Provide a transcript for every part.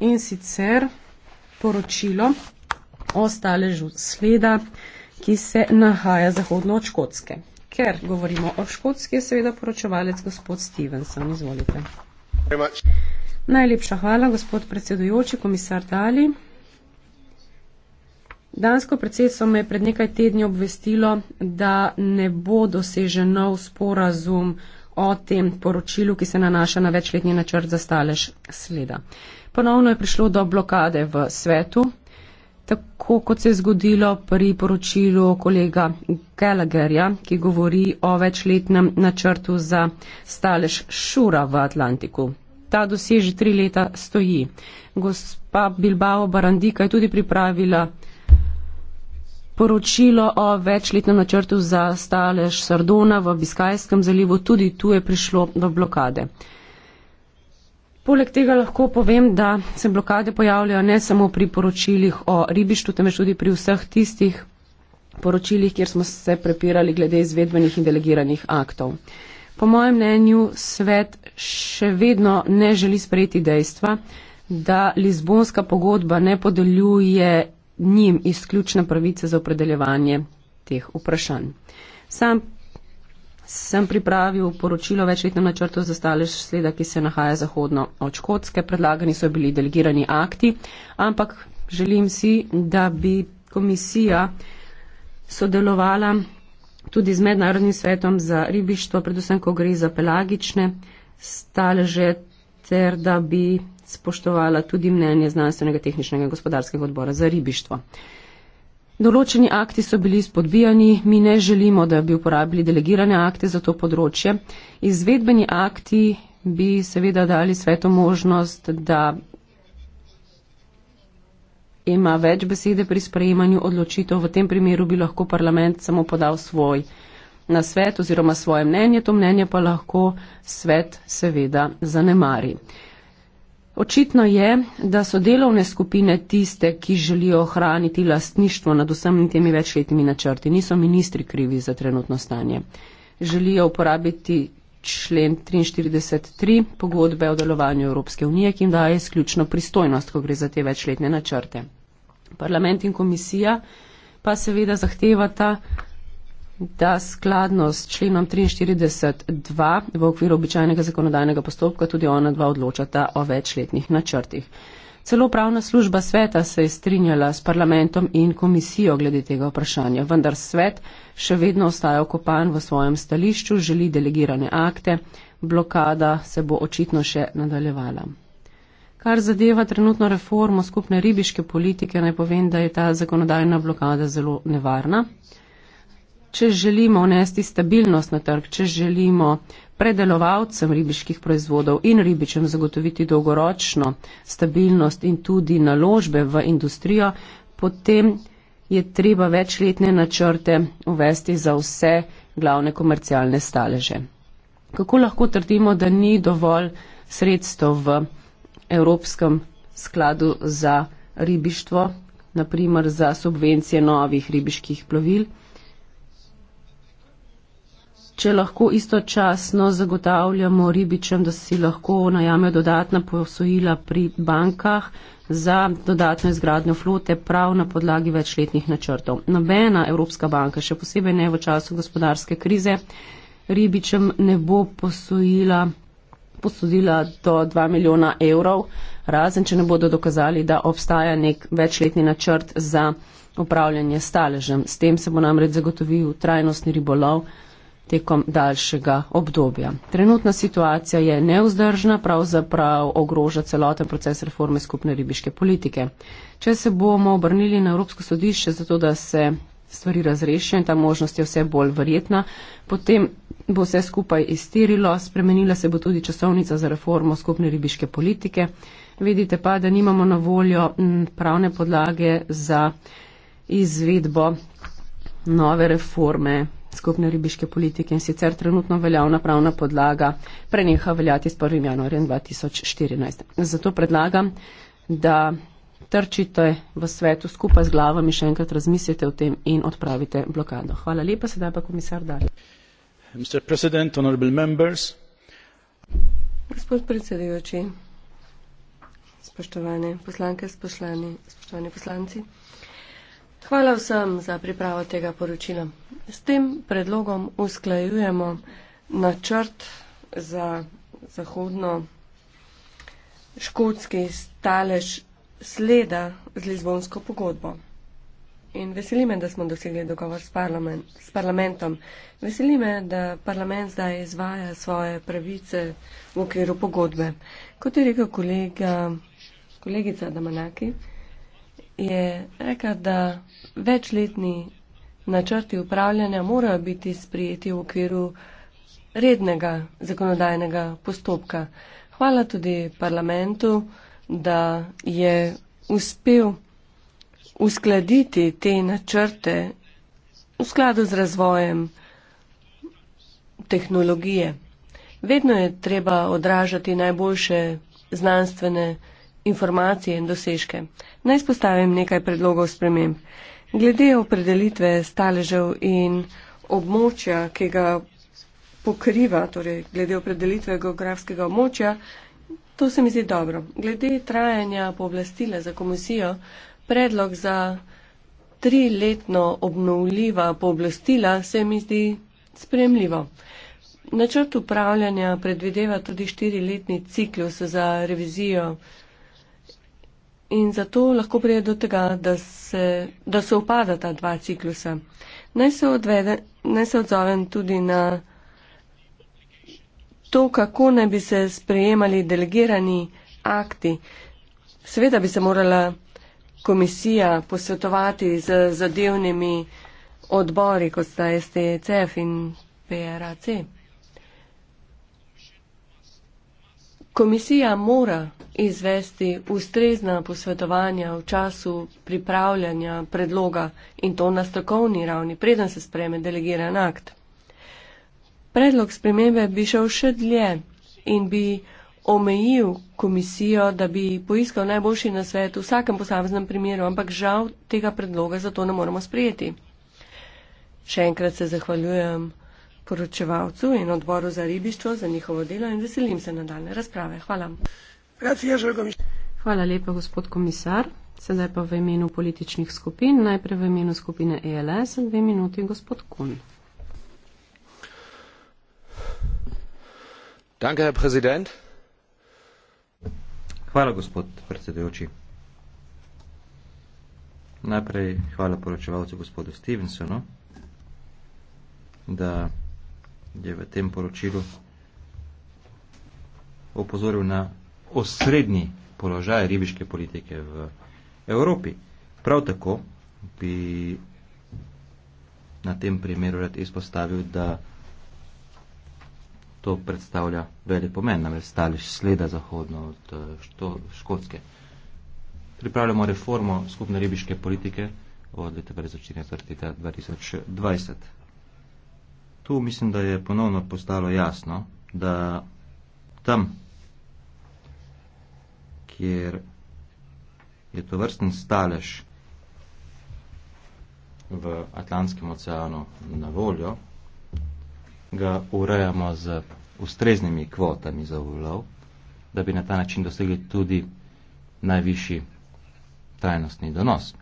in sicer poročilo o staležu sleda, ki se nahaja zahodno od Škotske. Ker govorimo o Škotski, je seveda poročevalec gospod Stevenson. Izvolite. Najlepša hvala, gospod predsedujoči, komisar Dali. Dansko predsedstvo me je pred nekaj tedni obvestilo, da ne bo dosežen nov sporazum o tem poročilu, ki se nanaša na večletni načrt za stalež sleda. Uh, Ponovno je prišlo do blokade v svetu, tako kot se je zgodilo pri poročilu kolega Gallagherja, ki govori o večletnem načrtu za stalež šura v Atlantiku. Ta doseži tri leta stoji. Gospa Bilbao Barandika je tudi pripravila poročilo o večletnem načrtu za stalež Sardona v Biskajskem zalivu. Tudi tu je prišlo do blokade. Poleg tega lahko povem, da se blokade pojavljajo ne samo pri poročilih o ribištu, temveč tudi pri vseh tistih poročilih, kjer smo se prepirali glede izvedbenih in delegiranih aktov. Po mojem mnenju svet še vedno ne želi sprejeti dejstva, da Lizbonska pogodba ne podeljuje njim izključne pravice za opredeljevanje teh vprašanj. Sam sem pripravil poročilo večletnem načrtu za stalež sleda, ki se nahaja zahodno od Škotske. Predlagani so bili delegirani akti, ampak želim si, da bi komisija sodelovala tudi z Mednarodnim svetom za ribištvo, predvsem, ko gre za pelagične staleže, ter da bi spoštovala tudi mnenje znanstvenega, tehničnega in gospodarskega odbora za ribištvo. Določeni akti so bili spodbijani, mi ne želimo, da bi uporabili delegirane akte za to področje. Izvedbeni akti bi seveda dali svetu možnost, da ima več besede pri sprejemanju odločitev. V tem primeru bi lahko parlament samo podal svoj na svet oziroma svoje mnenje, to mnenje pa lahko svet seveda zanemari. Očitno je, da so delovne skupine tiste, ki želijo ohraniti lastništvo nad vsemi temi večletnimi načrti. Niso ministri krivi za trenutno stanje. Želijo uporabiti člen 43.3 pogodbe o delovanju Evropske unije, ki jim daje izključno pristojnost, ko gre za te večletne načrte. Parlament in komisija pa seveda zahtevata, da skladno s členom 43.2 v okviru običajnega zakonodajnega postopka tudi ona dva odločata o večletnih načrtih. Celo pravna služba sveta se je strinjala s parlamentom in komisijo glede tega vprašanja, vendar svet še vedno ostaja okopan v svojem stališču, želi delegirane akte, blokada se bo očitno še nadaljevala. Kar zadeva trenutno reformo skupne ribiške politike, naj povem, da je ta zakonodajna blokada zelo nevarna če želimo vnesti stabilnost na trg, če želimo predelovalcem ribiških proizvodov in ribičem zagotoviti dolgoročno stabilnost in tudi naložbe v industrijo, potem je treba večletne načrte uvesti za vse glavne komercialne staleže. Kako lahko trdimo, da ni dovolj sredstev v Evropskem skladu za ribištvo, naprimer za subvencije novih ribiških plovil? če lahko istočasno zagotavljamo ribičem, da si lahko najamejo dodatna posojila pri bankah za dodatno izgradnjo flote prav na podlagi večletnih načrtov. Nobena Evropska banka, še posebej ne v času gospodarske krize, ribičem ne bo posojila posodila do 2 milijona evrov, razen če ne bodo dokazali, da obstaja nek večletni načrt za upravljanje staležem. S tem se bo namreč zagotovil trajnostni ribolov tekom daljšega obdobja. Trenutna situacija je neuzdržna, pravzaprav ogroža celoten proces reforme skupne ribiške politike. Če se bomo obrnili na Evropsko sodišče zato, da se stvari razrešijo in ta možnost je vse bolj verjetna, potem bo vse skupaj iztirilo, spremenila se bo tudi časovnica za reformo skupne ribiške politike. Vidite pa, da nimamo na voljo pravne podlage za izvedbo nove reforme skupne ribiške politike in sicer trenutno veljavna pravna podlaga preneha veljati s 1. januarjem 2014. Zato predlagam, da trčite v svetu skupaj z glavami, še enkrat razmislite o tem in odpravite blokado. Hvala lepa, sedaj pa komisar Dali. Gospod predsedujoči, spoštovane poslanke, spoštovani poslanci. Hvala vsem za pripravo tega poročila. S tem predlogom usklajujemo načrt za zahodno škotski stalež sleda z Lizbonsko pogodbo. In veseli me, da smo dosegli dogovor s, parlament, s parlamentom. Veseli me, da parlament zdaj izvaja svoje pravice v okviru pogodbe. Kot je rekel kolega, kolegica Damanaki, je rekla, da večletni načrti upravljanja morajo biti sprijeti v okviru rednega zakonodajnega postopka. Hvala tudi parlamentu, da je uspel uskladiti te načrte v skladu z razvojem tehnologije. Vedno je treba odražati najboljše znanstvene informacije in dosežke. Naj spostavim nekaj predlogov sprememb. Glede opredelitve staležev in območja, ki ga pokriva, torej glede opredelitve geografskega območja, to se mi zdi dobro. Glede trajanja pooblastila za komisijo, predlog za triletno obnovljiva pooblastila se mi zdi spremljivo. Načrt upravljanja predvideva tudi štiriletni ciklus za revizijo in zato lahko prije do tega, da se, da se upada ta dva ciklusa. Naj se, odvede, naj se odzovem tudi na to, kako naj bi se sprejemali delegirani akti. Sveda bi se morala komisija posvetovati z zadevnimi odbori, kot sta STCF e in PRAC. Komisija mora izvesti ustrezna posvetovanja v času pripravljanja predloga in to na strokovni ravni, preden se spreme delegiran akt. Predlog spremembe bi šel še dlje in bi omejil komisijo, da bi poiskal najboljši na svetu v vsakem posameznem primeru, ampak žal tega predloga zato ne moremo sprijeti. Še enkrat se zahvaljujem poročevalcu in odboru za ribištvo za njihovo delo in veselim se nadaljne razprave. Hvala. Hvala lepa, gospod komisar. Sedaj pa v imenu političnih skupin, najprej v imenu skupine ELS in dve minuti gospod Kun. Danke, herr Präsident. Hvala, gospod predsedujoči. Najprej hvala poročevalcu gospodu Stevensonu, da je v tem poročilu opozoril na osrednji položaj ribiške politike v Evropi. Prav tako bi na tem primeru rad izpostavil, da to predstavlja velik pomen, namreč stališ sleda zahodno od eh, što, Škotske. Pripravljamo reformo skupne ribiške politike od leta 2014. Tu mislim, da je ponovno postalo jasno, da tam, kjer je to vrsten stalež v Atlantskem oceanu na voljo, ga urejamo z ustreznimi kvotami za ulov, da bi na ta način dosegli tudi najvišji trajnostni donos.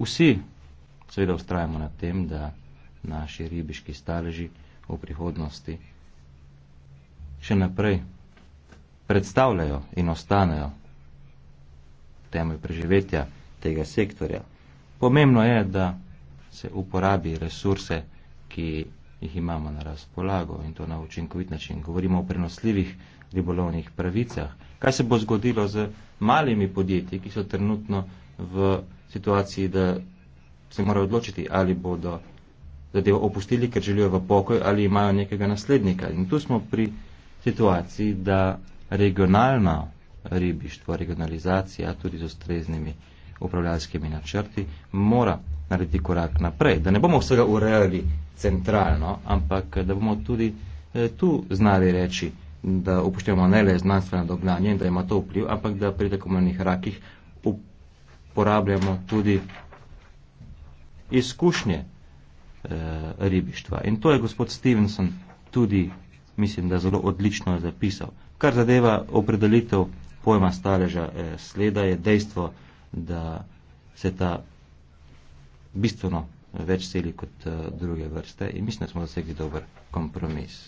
Vsi seveda ustrajamo na tem, da naši ribiški staleži v prihodnosti še naprej predstavljajo in ostanejo temelj preživetja tega sektorja. Pomembno je, da se uporabi resurse, ki jih imamo na razpolago in to na učinkovit način. Govorimo o prenosljivih ribolovnih pravicah. Kaj se bo zgodilo z malimi podjetji, ki so trenutno v situaciji, da se morajo odločiti, ali bodo zadevo opustili, ker želijo v pokoj, ali imajo nekega naslednika. In tu smo pri situaciji, da regionalno ribištvo, regionalizacija tudi z ustreznimi upravljalskimi načrti, mora narediti korak naprej, da ne bomo vsega urejali centralno, ampak da bomo tudi eh, tu znali reči, da upoštevamo ne le znanstveno dognanje in da ima to vpliv, ampak da pri takomornih rakih uporabljamo tudi izkušnje eh, ribištva. In to je gospod Stevenson tudi, mislim, da zelo odlično zapisal. Kar zadeva opredelitev pojma staleža eh, sleda, je dejstvo, da se ta bistveno več seli kot eh, druge vrste in mislim, da smo dosegli dober kompromis.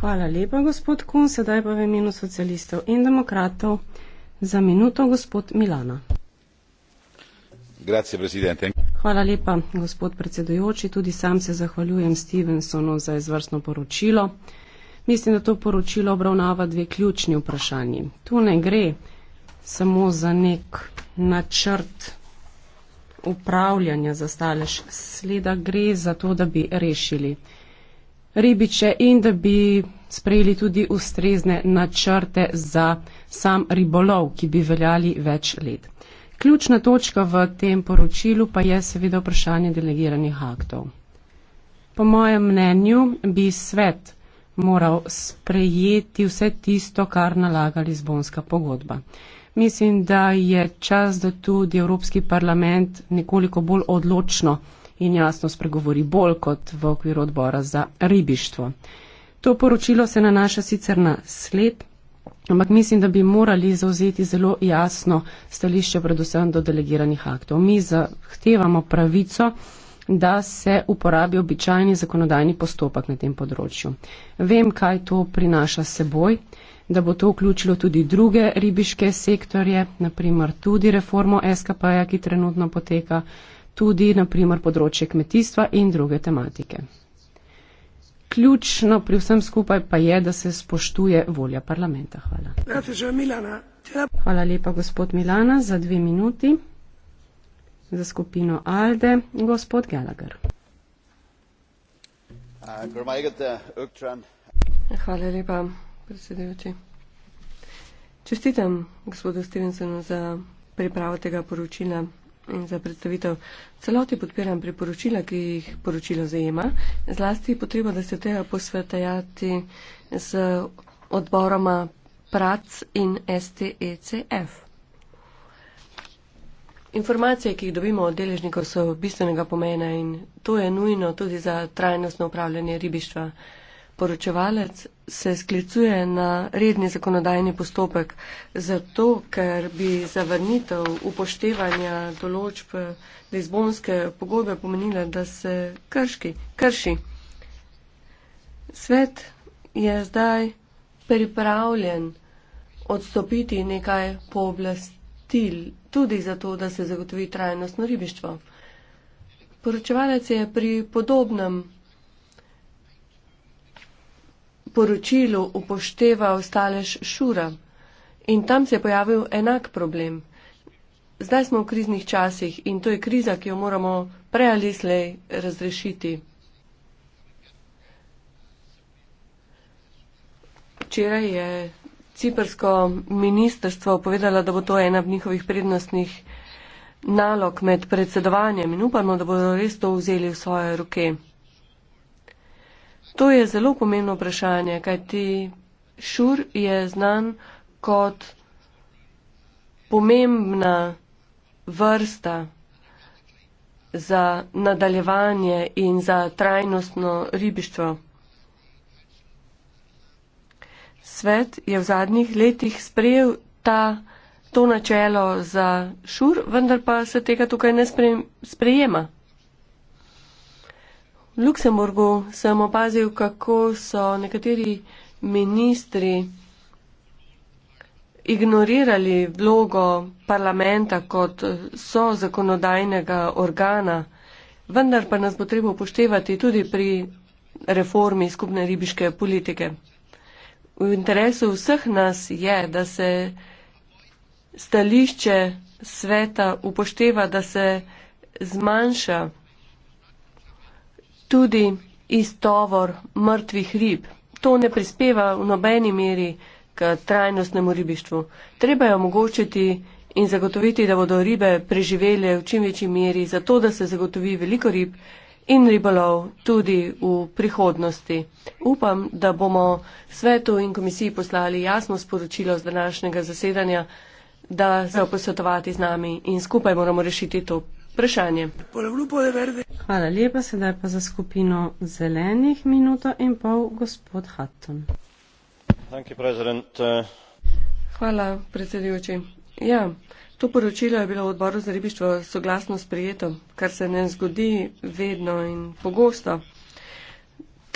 Hvala lepa, gospod Kun, sedaj pa v imenu socialistov in demokratov za minuto, gospod Milana. Grazie, presidente. Hvala lepa, gospod predsedujoči. Tudi sam se zahvaljujem Stevensonu za izvrstno poročilo. Mislim, da to poročilo obravnava dve ključni vprašanji. Tu ne gre samo za nek načrt upravljanja za stalež, sleda gre za to, da bi rešili ribiče in da bi sprejeli tudi ustrezne načrte za sam ribolov, ki bi veljali več let. Ključna točka v tem poročilu pa je seveda vprašanje delegiranih aktov. Po mojem mnenju bi svet moral sprejeti vse tisto, kar nalaga Lizbonska pogodba. Mislim, da je čas, da tudi Evropski parlament nekoliko bolj odločno in jasno spregovori, bolj kot v okviru odbora za ribištvo. To poročilo se nanaša sicer na sled, ampak mislim, da bi morali zauzeti zelo jasno stališče predvsem do delegiranih aktov. Mi zahtevamo pravico, da se uporabi običajni zakonodajni postopek na tem področju. Vem, kaj to prinaša seboj, da bo to vključilo tudi druge ribiške sektorje, naprimer tudi reformo SKP-ja, ki trenutno poteka, tudi naprimer področje kmetijstva in druge tematike. Ključno pri vsem skupaj pa je, da se spoštuje volja parlamenta. Hvala. Hvala lepa, gospod Milana, za dve minuti za skupino Alde, gospod Gallagher. Hvala lepa, predsedujoči. Čestitam gospodu Stevensonu za pripravo tega poročila in za predstavitev. Celoti podpiram priporočila, ki jih poročilo zajema. Zlasti potreba, da se treba posvetajati z odboroma PRAC in STECF. Informacije, ki jih dobimo od deležnikov, so bistvenega pomena in to je nujno tudi za trajnostno upravljanje ribištva. Poročevalec se sklicuje na redni zakonodajni postopek, zato ker bi zavrnitev upoštevanja določb Lizbonske pogodbe pomenila, da se krški, krši. Svet je zdaj pripravljen odstopiti nekaj pooblastil tudi zato, da se zagotovi trajnostno ribištvo. Poročevalec je pri podobnem poročilu upošteval stalež Šura in tam se je pojavil enak problem. Zdaj smo v kriznih časih in to je kriza, ki jo moramo prej ali slej razrešiti. Včeraj je ciprsko ministrstvo povedala, da bo to ena od njihovih prednostnih nalog med predsedovanjem in upamo, da bodo res to vzeli v svoje roke. To je zelo pomembno vprašanje, kajti šur je znan kot pomembna vrsta za nadaljevanje in za trajnostno ribištvo svet je v zadnjih letih sprejel ta, to načelo za šur, vendar pa se tega tukaj ne sprejema. V Luksemburgu sem opazil, kako so nekateri ministri ignorirali vlogo parlamenta kot so zakonodajnega organa, vendar pa nas bo treba upoštevati tudi pri reformi skupne ribiške politike v interesu vseh nas je, da se stališče sveta upošteva, da se zmanjša tudi iztovor mrtvih rib. To ne prispeva v nobeni meri k trajnostnemu ribištvu. Treba je omogočiti in zagotoviti, da bodo ribe preživele v čim večji meri, zato da se zagotovi veliko rib in ribolov tudi v prihodnosti. Upam, da bomo svetu in komisiji poslali jasno sporočilo z današnjega zasedanja, da se posvetovati z nami in skupaj moramo rešiti to vprašanje. Hvala lepa, sedaj pa za skupino zelenih minuto in pol gospod Hatton. Uh, Hvala predsedujoči. Ja, To poročilo je bilo v odboru za ribištvo soglasno sprejeto, kar se ne zgodi vedno in pogosto.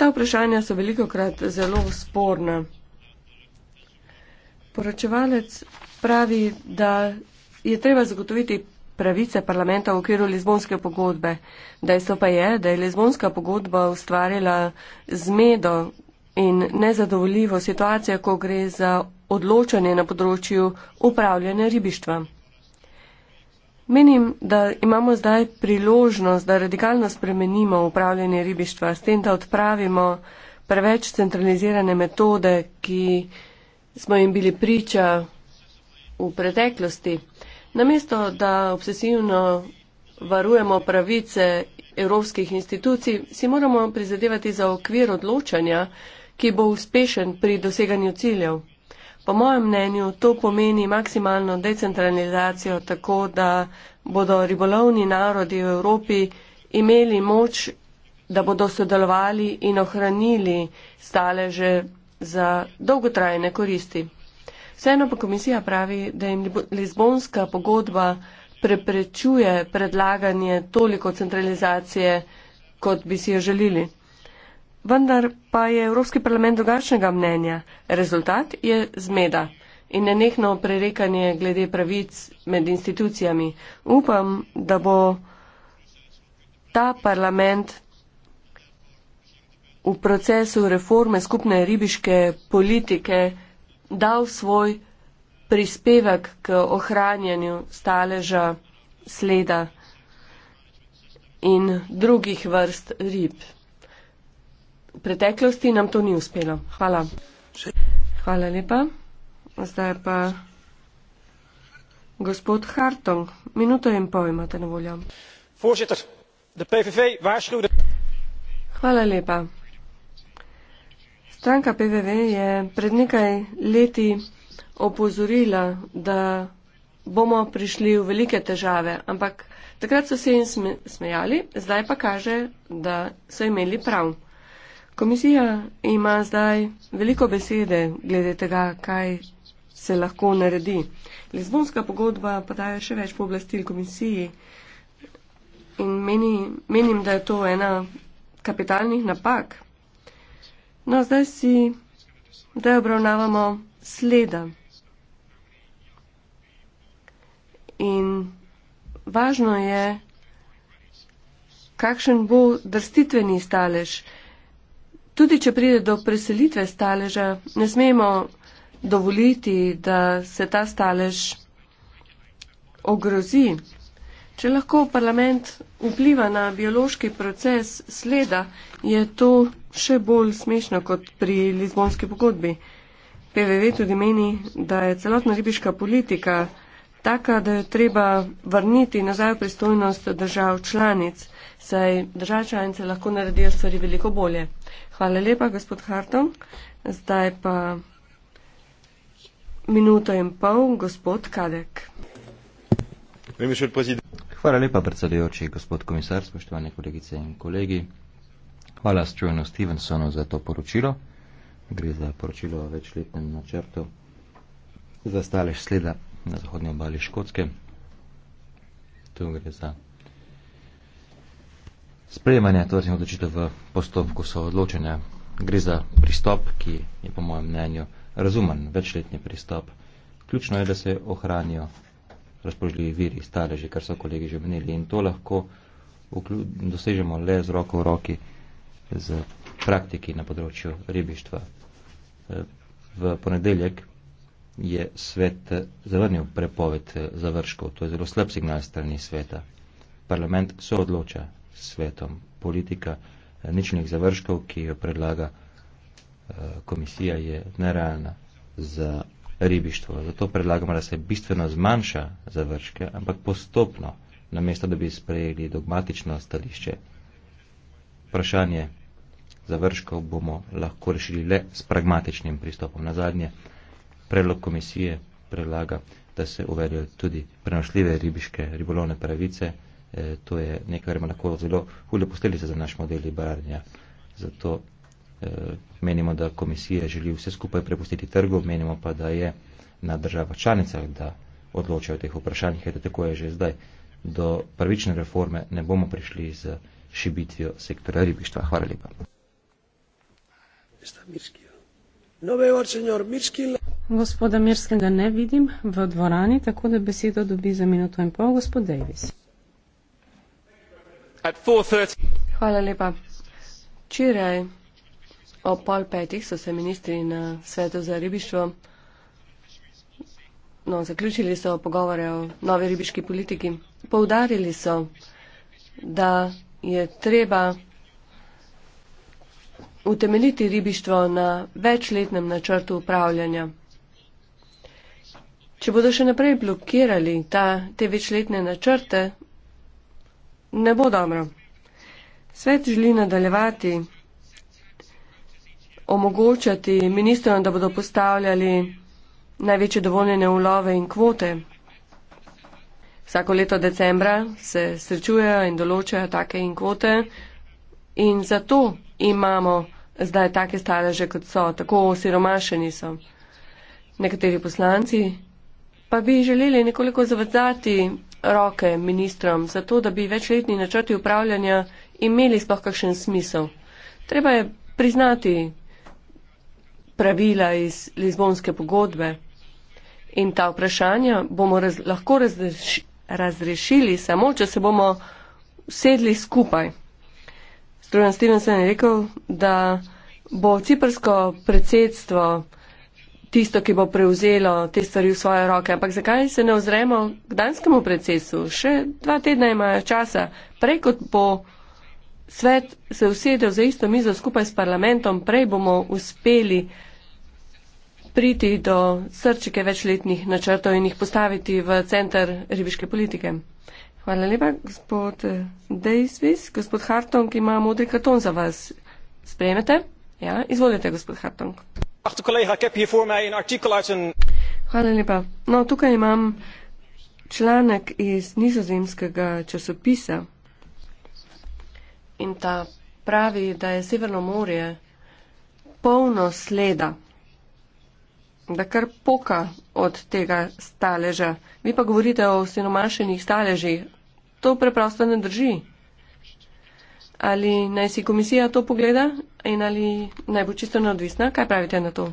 Ta vprašanja so veliko krat zelo sporna. Poročevalec pravi, da je treba zagotoviti pravice parlamenta v okviru Lizbonske pogodbe. Dejstvo pa je, da je Lizbonska pogodba ustvarjala zmedo in nezadovoljivo situacijo, ko gre za odločanje na področju upravljanja ribištva. Menim, da imamo zdaj priložnost, da radikalno spremenimo upravljanje ribištva, s tem, da odpravimo preveč centralizirane metode, ki smo jim bili priča v preteklosti. Namesto, da obsesivno varujemo pravice evropskih institucij, si moramo prizadevati za okvir odločanja, ki bo uspešen pri doseganju ciljev. Po mojem mnenju to pomeni maksimalno decentralizacijo, tako da bodo ribolovni narodi v Evropi imeli moč, da bodo sodelovali in ohranili staleže za dolgotrajne koristi. Vseeno pa komisija pravi, da jim Lizbonska pogodba preprečuje predlaganje toliko centralizacije, kot bi si jo želili. Vendar pa je Evropski parlament drugačnega mnenja. Rezultat je zmeda in nenehno prerekanje glede pravic med institucijami. Upam, da bo ta parlament v procesu reforme skupne ribiške politike dal svoj prispevek k ohranjanju staleža sleda in drugih vrst rib v preteklosti nam to ni uspelo. Hvala. Hvala lepa. Zdaj pa gospod Hartong, minuto in pol imate na voljo. Voorzitter, de PVV waarschuwde. Hvala lepa. Stranka PVV je pred nekaj leti opozorila, da bomo prišli v velike težave, ampak takrat so se jim smejali, zdaj pa kaže, da so imeli prav. Komisija ima zdaj veliko besede glede tega, kaj se lahko naredi. Lizbonska pogodba pa daje še več pooblastil komisiji in meni, menim, da je to ena kapitalnih napak. No, zdaj si, da obravnavamo sleda. In važno je, kakšen bo drstitveni stalež. Tudi, če pride do preselitve staleža, ne smemo dovoliti, da se ta stalež ogrozi. Če lahko parlament vpliva na biološki proces sleda, je to še bolj smešno kot pri Lizbonski pogodbi. PVV tudi meni, da je celotna ribiška politika taka, da je treba vrniti nazaj v pristojnost držav članic, saj držav članice lahko naredijo stvari veliko bolje. Hvala lepa, gospod Harton. Zdaj pa minuto in pol, gospod Kadek. Hvala lepa, predsedujoči, gospod komisar, spoštovane kolegice in kolegi. Hvala Stuartu Stevensonu za to poročilo. Gre za poročilo o večletnem načrtu za stalež sleda na zahodnji obali Škotske. Tu gre za sprejemanja tovrstnih odločitev v postopku soodločanja. Gre za pristop, ki je po mojem mnenju razumen, večletni pristop. Ključno je, da se ohranijo razpoložljivi viri, stare že, kar so kolegi že menili. In to lahko dosežemo le z roko v roki z praktiki na področju ribištva. E, v ponedeljek je svet e, zavrnil prepoved e, završkov. To je zelo slab signal strani sveta. Parlament se odloča, svetom. Politika eh, ničnih završkov, ki jo predlaga eh, komisija, je nerealna za ribištvo. Zato predlagamo, da se bistveno zmanjša završke, ampak postopno, namesto da bi sprejeli dogmatično stališče. Vprašanje završkov bomo lahko rešili le s pragmatičnim pristopom. Na zadnje, predlog komisije predlaga, da se uvedejo tudi prenošljive ribiške ribolovne pravice. Eh, to je nekaj, kar ima lahko zelo hude posledice za naš model liberarnja. Zato eh, menimo, da komisija želi vse skupaj prepustiti trgu, menimo pa, da je na državah članicah, da odločajo o teh vprašanjih, da tako je že zdaj. Do prvične reforme ne bomo prišli z šibitvijo sektora ribištva. Hvala lepa. No, Gospoda Mirskega ne vidim v dvorani, tako da besedo dobi za minuto in pol gospod Davis. Včeraj ob pol petih so se ministri na svetu za ribištvo, no, zaključili so pogovore o novi ribiški politiki. Poudarili so, da je treba utemeliti ribištvo na večletnem načrtu upravljanja. Če bodo še naprej blokirali ta, te večletne načrte, ne bo dobro. Svet želi nadaljevati, omogočati ministrom, da bodo postavljali največje dovoljene ulove in kvote. Vsako leto decembra se srečujejo in določajo take in kvote in zato imamo zdaj take staleže, kot so, tako osiromašeni so. Nekateri poslanci pa bi želeli nekoliko zavrzati roke ministrom, zato da bi večletni načrti upravljanja imeli sploh kakšen smisel. Treba je priznati pravila iz Lizbonske pogodbe in ta vprašanja bomo raz, lahko razreš, razrešili samo, če se bomo sedli skupaj. Strojan Stevenson je rekel, da bo ciprsko predsedstvo tisto, ki bo prevzelo te stvari v svoje roke. Ampak zakaj se ne ozremo k danskemu predsesu? Še dva tedna imajo časa. Prej kot bo svet se usedel za isto mizo skupaj s parlamentom, prej bomo uspeli priti do srčike večletnih načrtov in jih postaviti v centr ribiške politike. Hvala lepa, gospod Dejsvis, gospod Hartong, ki ima modri karton za vas. Sprejmete? Ja, izvolite, gospod Hartong. Geachte collega, ik heb hier voor mij een artikel uit een. Hvala lepa. No, tukaj imam članek iz nizozemskega časopisa in ta pravi, da je Severno morje polno sleda, da kar poka od tega staleža. Vi pa govorite o osinomašenih staležih. To preprosto ne drži ali naj si komisija to pogleda in ali naj bo čisto neodvisna. Kaj pravite na to?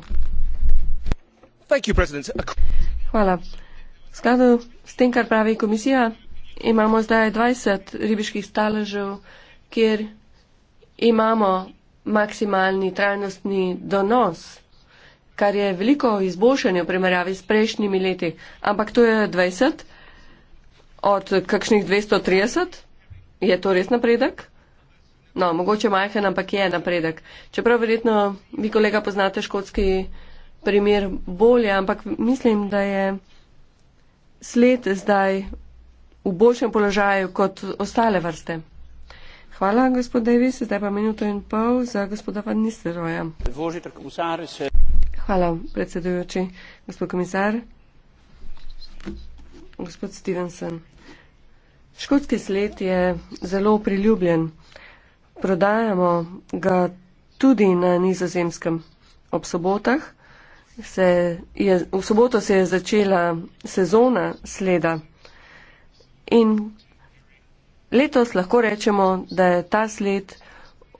You, Hvala. V skladu s tem, kar pravi komisija, imamo zdaj 20 ribiških staležev, kjer imamo maksimalni trajnostni donos, kar je veliko izboljšanje v primerjavi s prejšnjimi leti. Ampak to je 20 od kakšnih 230. Je to res napredek? No, mogoče majhen, ampak je napredek. Čeprav verjetno vi, kolega, poznate škotski primer bolje, ampak mislim, da je sled zdaj v boljšem položaju kot ostale vrste. Hvala, gospod Davis. Zdaj pa minuto in pol za gospoda Van Nistelrooja. Eh. Hvala, predsedujoči. Gospod komisar. Gospod Stevenson. Škotski sled je zelo priljubljen. Prodajamo ga tudi na nizozemskem ob sobotah. Se je, v soboto se je začela sezona sleda in letos lahko rečemo, da je ta sled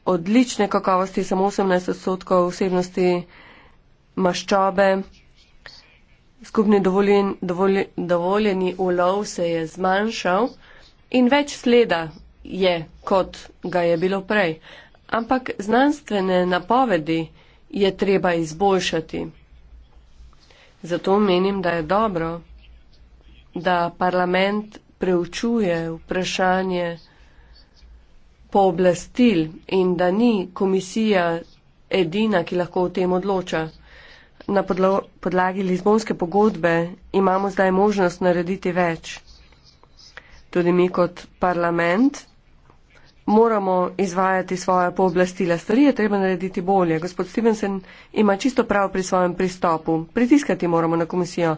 odlične kakovosti, samo 18 odstotkov vsebnosti maščobe. Skupni dovoljen, dovoljen, dovoljeni ulov se je zmanjšal in več sleda je, kot ga je bilo prej. Ampak znanstvene napovedi je treba izboljšati. Zato menim, da je dobro, da parlament preučuje vprašanje pooblastil in da ni komisija edina, ki lahko o tem odloča. Na podlagi Lizbonske pogodbe imamo zdaj možnost narediti več. Tudi mi kot parlament moramo izvajati svoje pooblastila. Stvari je treba narediti bolje. Gospod Stevenson ima čisto prav pri svojem pristopu. Pritiskati moramo na komisijo.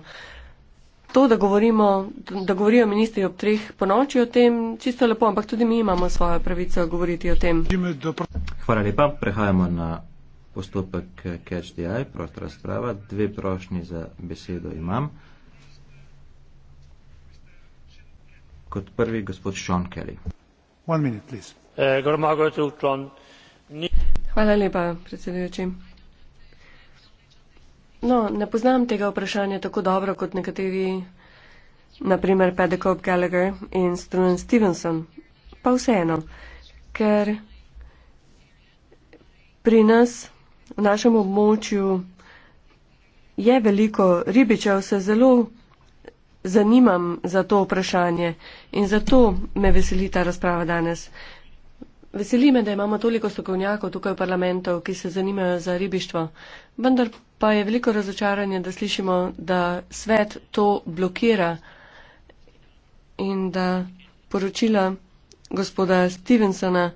To, da, govorimo, da govorijo ministri ob treh po noči o tem, čisto lepo, ampak tudi mi imamo svojo pravico govoriti o tem. Hvala lepa. Prehajamo na postopek Catch the Eye, prosta razprava. Dve prošnji za besedo imam. Kot prvi, gospod Sean Kelly no ne poznam tega vprašanja tako dobro kot nekateri naprimer Pedekop Gallagher in Struan Stevenson pa vseeno ker pri nas v našem območju je veliko ribičev se zelo zanimam za to vprašanje in zato me veseli ta razprava danes. Veseli me, da imamo toliko strokovnjakov tukaj v parlamentu, ki se zanimajo za ribištvo, vendar pa je veliko razočaranje, da slišimo, da svet to blokira in da poročila gospoda Stevensona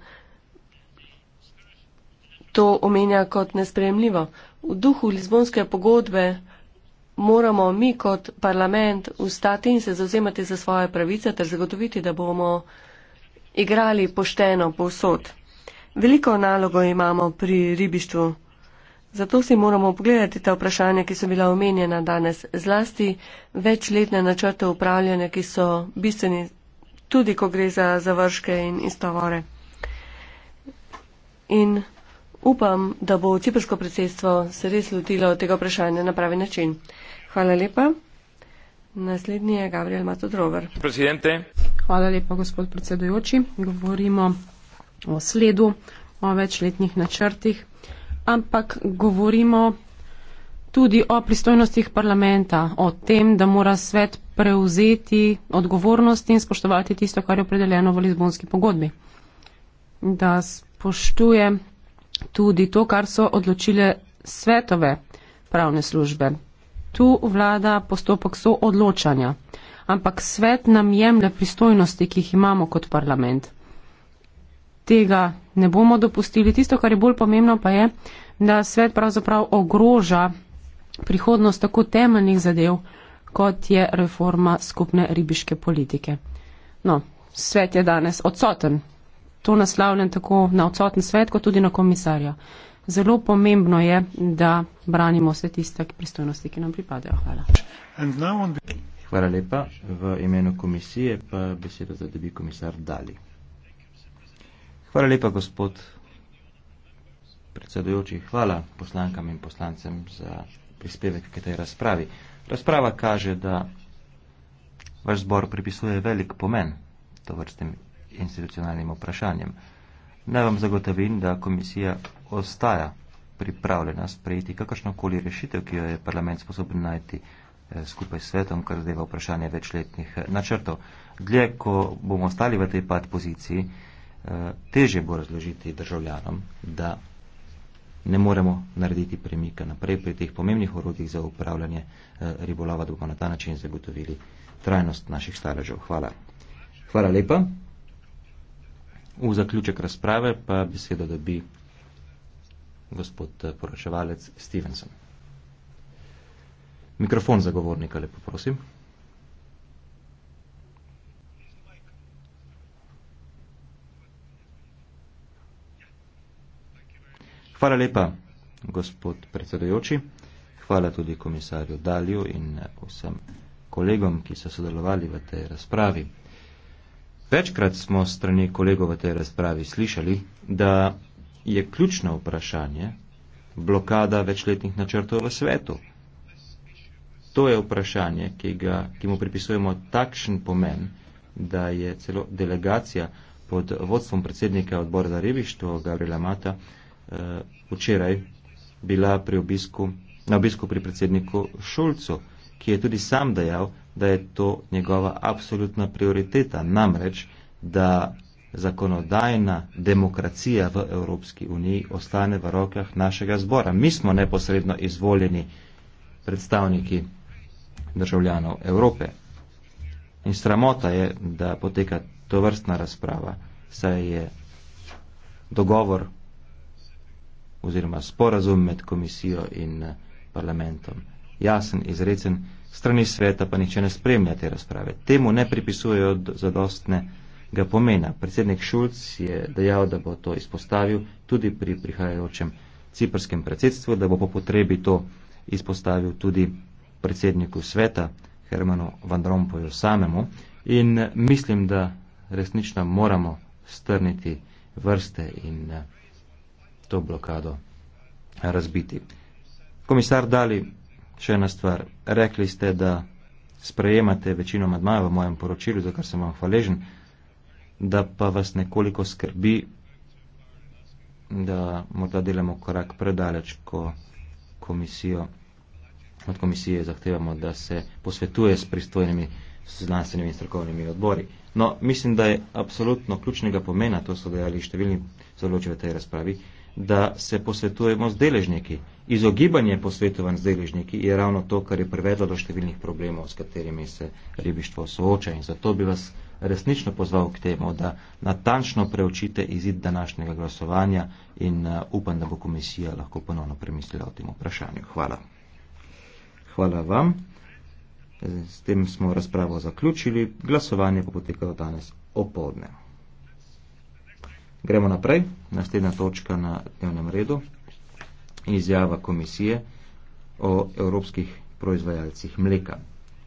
to omenja kot nespremljivo. V duhu Lizbonske pogodbe moramo mi kot parlament ustati in se zauzemati za svoje pravice ter zagotoviti, da bomo igrali pošteno povsod. Veliko nalogo imamo pri ribištvu, zato si moramo pogledati ta vprašanja, ki so bila omenjena danes, zlasti večletne načrte upravljanja, ki so bistveni tudi, ko gre za završke in istovore. In upam, da bo ciprsko predsedstvo se res lotilo tega vprašanja na pravi način. Hvala lepa. Naslednji je Gabriel Matodrover. Presidente. Hvala lepa, gospod predsedujoči. Govorimo o sledu, o večletnih načrtih, ampak govorimo tudi o pristojnostih parlamenta, o tem, da mora svet prevzeti odgovornost in spoštovati tisto, kar je opredeljeno v Lizbonski pogodbi. Da spoštuje tudi to, kar so odločile svetove pravne službe, tu vlada postopek soodločanja, ampak svet nam jemlje pristojnosti, ki jih imamo kot parlament. Tega ne bomo dopustili. Tisto, kar je bolj pomembno, pa je, da svet pravzaprav ogroža prihodnost tako temeljnih zadev, kot je reforma skupne ribiške politike. No, svet je danes odsoten. To naslavljam tako na odsoten svet, kot tudi na komisarja zelo pomembno je, da branimo vse tiste pristojnosti, ki nam pripadajo. Hvala. Hvala lepa. V imenu komisije pa besedo zadebi komisar Dali. Hvala lepa, gospod predsedujoči. Hvala poslankam in poslancem za prispevek k tej razpravi. Razprava kaže, da vaš zbor pripisuje velik pomen to vrstem institucionalnim vprašanjem. Naj vam zagotovim, da komisija ostaja pripravljena sprejeti kakršnokoli rešitev, ki jo je parlament sposoben najti eh, skupaj s svetom, kar zdaj v vprašanje večletnih eh, načrtov. Dlje, ko bomo ostali v tej pad poziciji, eh, teže bo razložiti državljanom, da ne moremo narediti premika naprej pri teh pomembnih orodjih za upravljanje ribolova, da bomo na ta način zagotovili trajnost naših staležev. Hvala. Hvala lepa. V zaključek razprave pa beseda dobi gospod eh, poročevalec Stevenson. Mikrofon za govornika, lepo prosim. Hvala lepa, gospod predsedujoči. Hvala tudi komisarju Dalju in eh, vsem kolegom, ki so sodelovali v tej razpravi. Večkrat smo strani kolegov v tej razpravi slišali, da je ključno vprašanje blokada večletnih načrtov v svetu. To je vprašanje, ki, ga, ki mu pripisujemo takšen pomen, da je celo delegacija pod vodstvom predsednika odbora za ribištvo Gabriela Mata eh, včeraj bila pri obisku, na obisku pri predsedniku Šulcu, ki je tudi sam dejal, da je to njegova absolutna prioriteta, namreč, da zakonodajna demokracija v Evropski uniji ostane v rokah našega zbora. Mi smo neposredno izvoljeni predstavniki državljanov Evrope. In sramota je, da poteka to vrstna razprava, saj je dogovor oziroma sporazum med komisijo in parlamentom jasen, izrecen strani sveta pa niče ne spremlja te razprave. Temu ne pripisujejo zadostnega pomena. Predsednik Šulc je dejal, da bo to izpostavil tudi pri prihajajočem ciprskem predsedstvu, da bo po potrebi to izpostavil tudi predsedniku sveta Hermanu Van Rompuyju samemu. In eh, mislim, da resnično moramo strniti vrste in eh, to blokado razbiti. Komisar Dali, še ena stvar. Rekli ste, da sprejemate večino madmaja v mojem poročilu, za kar sem vam hvaležen, da pa vas nekoliko skrbi, da morda delamo korak predaleč, ko komisijo, od komisije zahtevamo, da se posvetuje s pristojnimi znanstvenimi in strokovnimi odbori. No, mislim, da je absolutno ključnega pomena, to so dejali številni zaločevi v tej razpravi, da se posvetujemo z deležniki. Izogibanje posvetovanj z deležniki je ravno to, kar je privedlo do številnih problemov, s katerimi se ribištvo sooča. In zato bi vas resnično pozval k temu, da natančno preučite izid današnjega glasovanja in uh, upam, da bo komisija lahko ponovno premislila o tem vprašanju. Hvala. Hvala vam. S tem smo razpravo zaključili. Glasovanje bo potekalo danes opodne. Gremo naprej. Naslednja točka na dnevnem redu. Izjava komisije o evropskih proizvajalcih mleka.